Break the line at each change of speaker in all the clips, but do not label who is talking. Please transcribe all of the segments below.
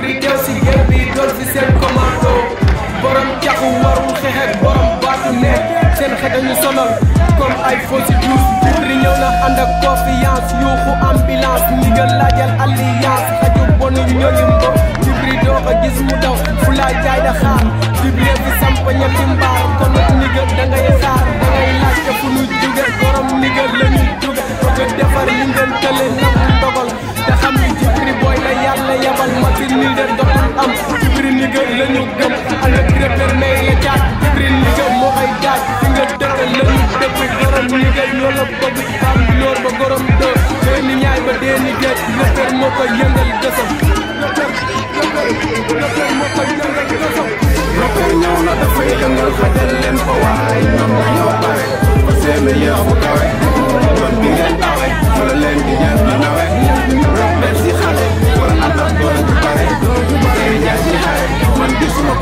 di teew si géej bi doon si seen borom caxu warul xeex borom baatu ne seen xet dañu sonal ay fausse douce di ñëw ak confiance yuuxu ambulance ñi laajal alliance xaju bonu ñooñu mbokk jibri doo mu daw fu laa jaay da xaar jibri bi samp ñetti mbaar kon nag ñi nga da borom ñi nga la ñuy jóge bëgg liggéey la ñu gëm ala directeur mais ya jaar jibril liggéey moo koy jaaj si nga dëkk la ñu dëkk borom liggéey loolu la bëgg am loor ba gorom dë dee ni ñaay ba dee ni géej lëppër moo koy yëngal gësam lëppër moo koy yëngal gësam lëppër ñëw na dafay yëngal xajal leen ko waay ñoom ñoo bare ba seen yëfu kawe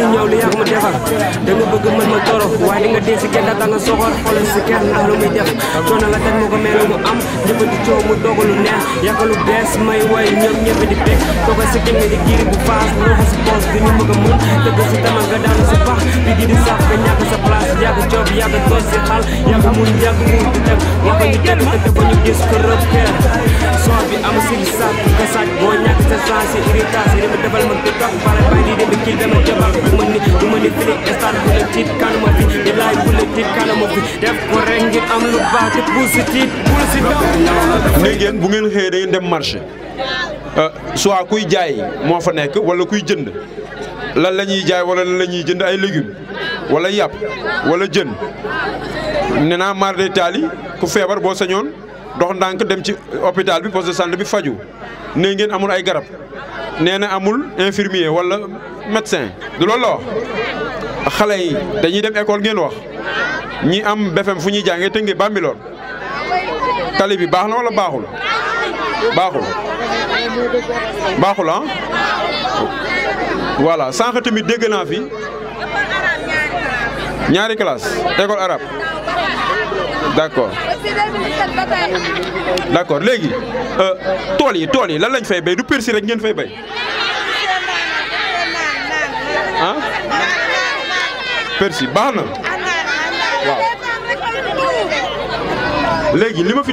ñu ñëw aku yàq ma defar da nga bëgg mën sekian datang waaye di nga dee lu muy def coono la teg mu am jëfandi mu lu neex yàq lu bees may way ñoom ñëpp di bég toogal si kenn di bu faas loxo si poos bi ñu bëgg si tama nga di si mun marché euh, soit kuy jaay moo fa nekk wala kuy jënd lan la ñuy jaay walla lan la ñuy jënd ay légumes wala yàpp wala jën nee naa maar day taali ku feebar boo sañoon dox ndànk dem ci hôpital bi poste de santé bi faju nee ngeen amul ay garab nee na amul infirmier wala médecin du loolu la wax xale yi dañuy dem école ngeen wax ñi am BFEM fu ñuy jàngee tëngee Bambilor tali bi baax na wala baaxul baaxul baaxul là ah. voilà sànq tamit dégg naa fi ñaari classe école arabe d'accord d'accord léegi euh, tool yi tool yi lan lañ fay bay du rek ngeen fay bay ah waaw ma fi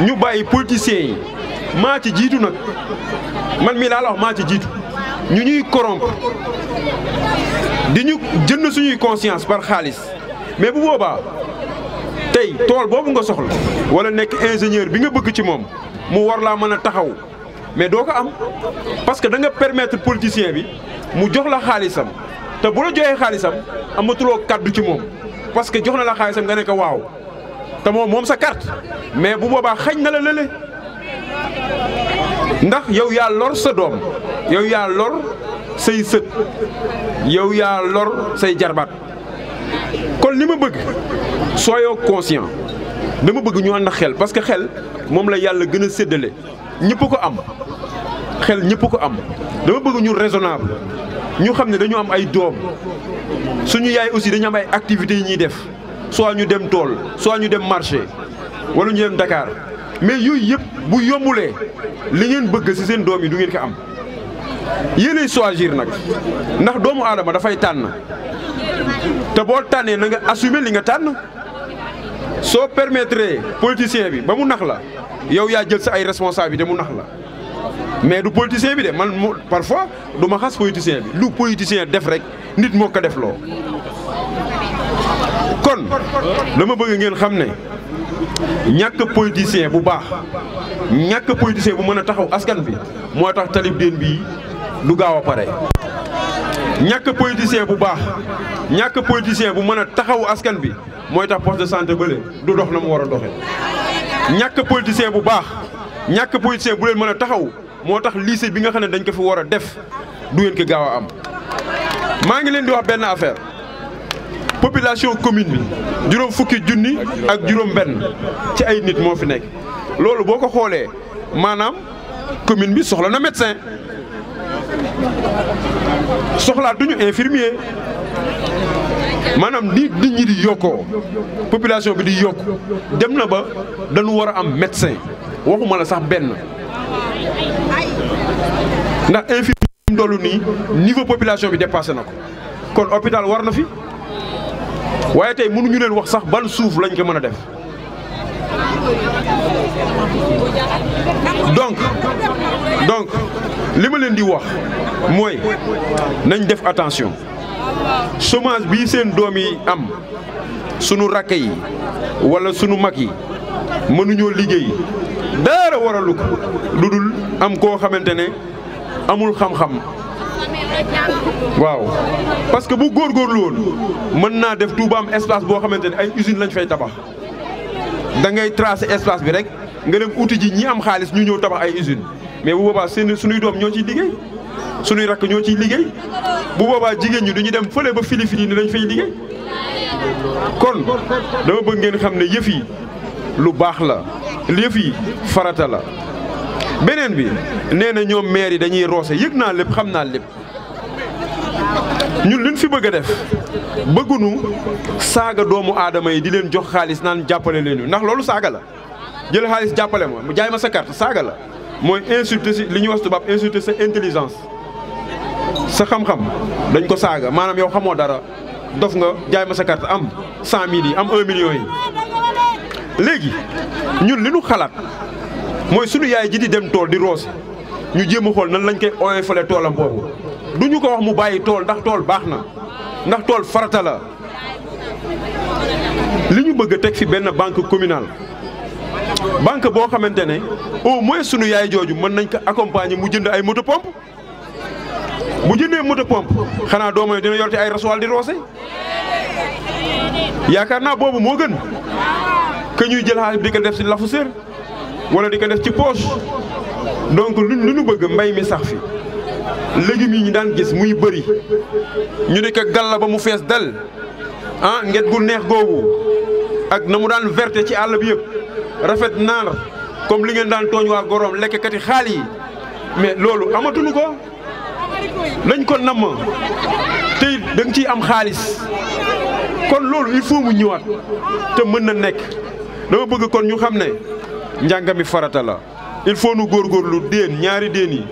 ñu des politiciens yi ci man mi la wax ma ci ñu ñuy Nous di ñu suñuy conscience par xaalis mais bu boobaa tay tol bobu nga soxla wala un ingénieur bi nga bëgg ci mom mu war la taxaw mais am parce que da nga permettre politiciens bi mu jox la te bu la amatu lo ci mom parce que jox na la nga ko sa carte mais bu na la ndax yow ya lor sa dom yow ya lor sey seut yow ya lor sey jarbat kon bëgg soyons conscient dama bëgg ñu xel parce que xel mom la yalla gëna ñepp ko am xel ñepp ko am dama ñu raisonnable ñu dañu am ay dom suñu yaay aussi dañu am ay activités soit ñu dem tool soo ñu dem marché wala ñu dem Dakar mais yooyu yëpp bu yombulee li ngeen bëgg ci seen doom yi du ngeen ko am yéenay choisir nag ndax doomu aadama dafay tànn te boo tànnee na nga assumer li nga tànn soo permettre politicien bi ba mu nax la yow yaa jël sa ay responsabilité mu nax la mais du politicien bi de man parfois du ma xas politicien bi lu politicien def rek nit moo ko def loo kon la ma bëgg ngeen xam ne ñàkk politicien bu baax ñàkk politicien bu mën a taxaw askan bi moo tax Talib Diène bii du gaaw a pare. ñàkk politicien bu baax ñàkk politicien bu mën a taxaw askan bi mooy tax poste de santé bële du dox na mu war a doxe ñàkk politicien bu baax ñàkk politicien bu leen mën a taxaw moo tax lycée bi nga xam ne dañ ko fi war a def du ngeen ko gaaw a am maa ngi leen di wax benn affaire. population commune bi juróom fukki djuni ak juróom ben ci ay nit mo fi nek lolou boko xolé manam commune bi soxla na médecin soxla duñu infirmier manam ni nit di yoko population bi di yoko dem na ba dañu wara am médecin waxuma la sax ben ndax infirmier dollu niveau population bi dépassé nako kon hôpital war na fi waaye tey mënuñu leen wax sax ban suuf lañ ko mën a def donc donc li ma leen di wax mooy nañ def attention chômage bii seen doom yi am sunu rakk yi wala sunu mag yi mënuñoo liggéey dara waralu ko lu dul am koo xamante ne amul xam-xam. waaw parce que bu góorgóorlu woon mën naa def Touba am boo xamante ne ay usine lañ fay tabax dangay ngay tracer bi rek nga dem uti ji ñi am xaalis ñu ñëw tabax ay usine mais bu boobaa seen suñuy doom ñoo ciy liggéey suñuy rakk ñoo ciy liggéey bu boobaa jigéen ñi duñu dem fële ba Philippines ni dañ fay liggéey kon dama bëgg ngeen xam ne yëf yi lu baax la yëf yi farata la beneen bi nee na ñoom maire yi dañuy roose yëg naa lépp xam naa lépp ñun liñ fi bëgg a def bëggunu saaga doomu aadama yi di leen jox xaalis naan jàppale leen ñu ndax loolu saaga la jël xaalis jàppale ma mu jaay ma sa carte saaga la mooy insulter li ñuy wax tubaab insulter sa intelligence sa xam-xam dañ ko saaga maanaam yow xamoo dara dof nga jaay ma sa carte am cent mille yi am un million yi léegi ñun li ñu xalaat mooy sunu yaay ji di dem tool di roose ñu jéem a xool nan lañ koy oyofale toolam boobu du ñu ko wax mu bàyyi tool ndax tool baax na ndax tool farata la li ñu bëgg a teg fi benn banque communale banque boo xamante ne au moins sunu yaay jooju mën nañ ko accompagner mu jënd ay moto pompe bu jëndee moto pompe xanaa doomam dina yorte ay rasuwaal di roose yaakaar naa boobu moo gën que ñuy jël xaalis bi di ko def si lafu séer wala di ko def ci poche donc luñ lu ñu bëgg mbay mi sax fi légumes yi ñu daan gis muy bëri ñu di ko gàlla ba mu fees dal ah nget gu neex googu ak na mu daan verte ci àll bi yëpp rafet naar comme li ngeen daan tooñ waa gorom lekkati xaal yi mais loolu amatuñu ko lañ ko namm tey da ciy am xaalis kon loolu il faut ñëwaat te mën na nekk dama bëgg kon ñu xam ne njàng mi farata la il faut nu góorgóorlu déen ñaari déen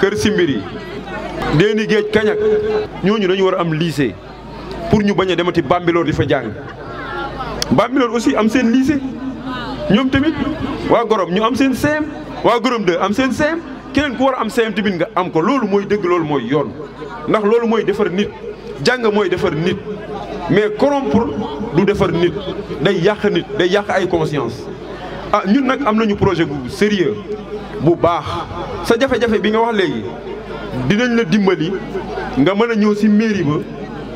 kër si déen yi géej kañak ñooñu dañu war a am lycée pour ñu bañ a demati bambiloor di fa jàng bambiloor aussi am seen liise ñoom tamit waa gorom ñu am seen CEM waa gërëm de am seen CEM keneen ku war am CEM tamit nga am ko loolu mooy dëgg loolu mooy yoon ndax loolu mooy defar nit jàng mooy defar nit mais corrompre du defar nit day yàq nit day yàq ay conscience ah ñun nag am nañu projet bu sérieux bu baax sa jafe-jafe bi nga wax léegi dinañ la dimbali nga mën a ñëw si mairie ba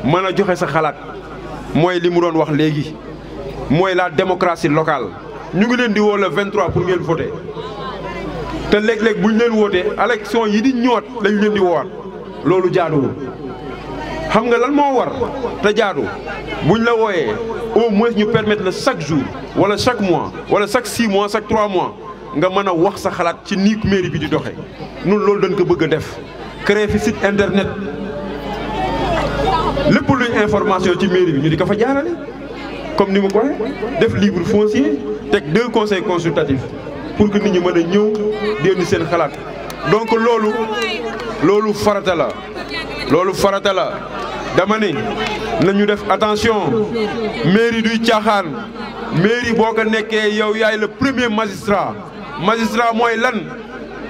mën a joxe sa xalaat mooy li mu doon wax léegi mooy la démocratie locale ñu ngi leen di woo le 23 pour ngeen voter te léeg-léeg bu ñu leen wootee élection yi di ñëwaat lañ leen di woowaat loolu jaaduwul xam nga lan moo war te jaadu buñ la wooyee au moins ñu permettre la chaque jour wala chaque mois wala chaque six mois chaque trois mois nga mën a wax sa xalaat ci nii mairie bi di doxee ñun loolu dañ ko bëgg a def créer fi site internet lépp luy information ci mairie bi ñu di ko fa jaarale comme ni mu ko def livre foncier teg deux conseils consultatifs pour que nit ñi mën a ñëw dénnu seen xalaat donc loolu loolu farata la loolu farata la dama ni nañu def attention mairie du tiaxan mairie boo nekké yow yaay le premier magistrat magistrat moy lan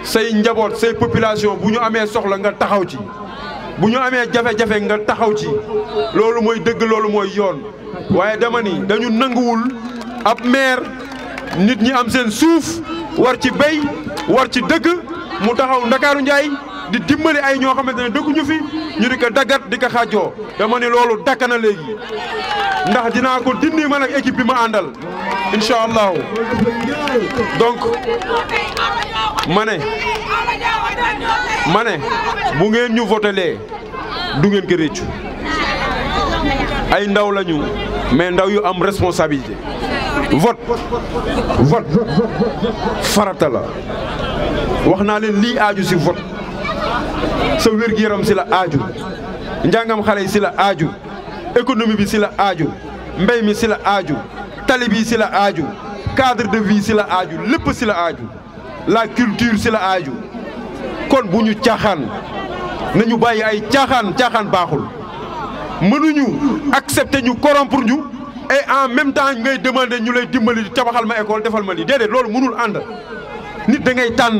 say njabot say population buñu amé soxla nga taxaw ci buñu amé jafé jafé nga taxaw ci lolu moy deug lolu moy yoon waye dama ni dañu nanguwul ab maire nit ñi am sen souf war ci war ci deug mu taxaw ndjay di dimbali ay ñoo xamante ne dëkkuñu fi ñu di ko di ko xaajoo dama ne loolu dakk na léegi ndax dinaa ko dindi ma ak équipe bi ma àndal incha allahu donc ma ne ma ne bu ngeen ñu votelee du ngeen ko ay ndaw lañu mais ndaw yu am responsabilité vote vote farata la wax naa leen lii aaju si vote sa wir gi yaram si la aaju njàngam xale yi si la bi sila aju mbey mi sila aju talibi sila aju cadre de vie sila la lepp sila aju la culture sila aju kon buñu tiaxan nañu bàyyi ay tiaxan tiaxan baxul mënuñu accepter ñu corrompre ñu et en même temps ngay demander ñu lay dimbali tabaxal ma école defal ma mënul and nit da ngay tan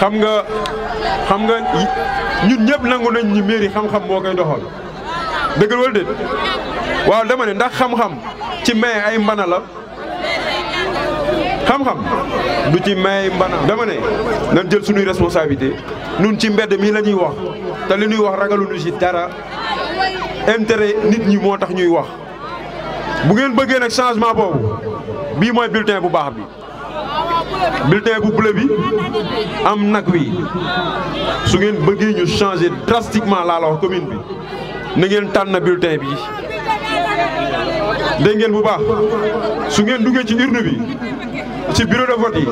xam nga xam nga ñun ñëpp nangu nañ ñi mairie xam-xam moo koy doxal dëgg wala déet waaw dama ne ndax xam-xam ci may ay mbana la xam-xam du ci may mbana dama ne nan jël suñuy responsabilité nun ci mbedd mii la ñuy wax te li ñuy wax ragaluñu ci dara intérêt nit ñi moo tax ñuy wax bu ngeen bëggee nag changement boobu bii mooy bulletin bu baax bi bulletin bu bleu bi am nag wi su ngeen bëggee ñu changer drastiquement laa la wax commune bi na ngeen tànn bulletin bi de ngeen bu baax su ngeen duggé ci urne bi ci bureau de vote yi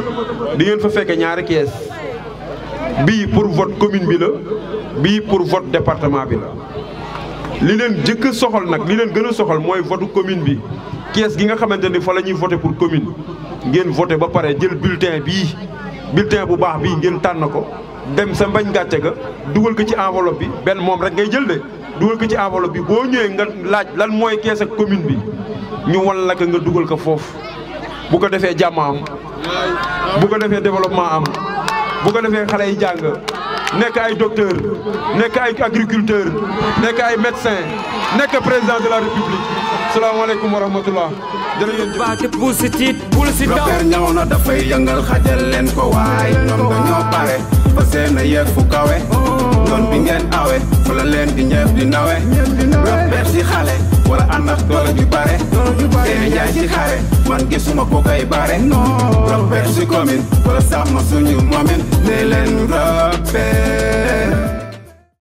di ngeen fa fekk ñaari kees bi pour vote commune bi la bi pour vote département bi la li leen jëkk a soxal nag li leen gëna a soxal mooy vote commune bi kees gi nga xamante ni fa la ñuy voté pour commune ngeen voté ba pare jël bulletin bii bulletin bu baax bii ngeen tànn ko dem sa mbañ gàcce ga dugal ko ci enveloppe bi benn moom rek ngay jël de dugal ko ci enveloppe bi boo ñëwee nga laaj lan mooy kees ak commune bi ñu wan la ko nga dugal ko foofu bu ko defee jàmm am bu ko defee développement am bu ko defee xale yi jàng nekk ay docteur nekk ay agriculteur nekk ay médecin nekk président de la république salaamaaleykum wa rahmatullah jërëjëf baati bul si tiit bul si daw Robert yëngal xajal leen ko waay ñoom dañoo pare fa seen a fu kawe yoon bi ngeen awe fa la leen di ñëpp di nawe rëbër si xale wala ànd ak doole ju bare dee njaay ci xare man gisuma ko koy bare rëbër si commune wala sàmm suñu moomin ne leen rëbër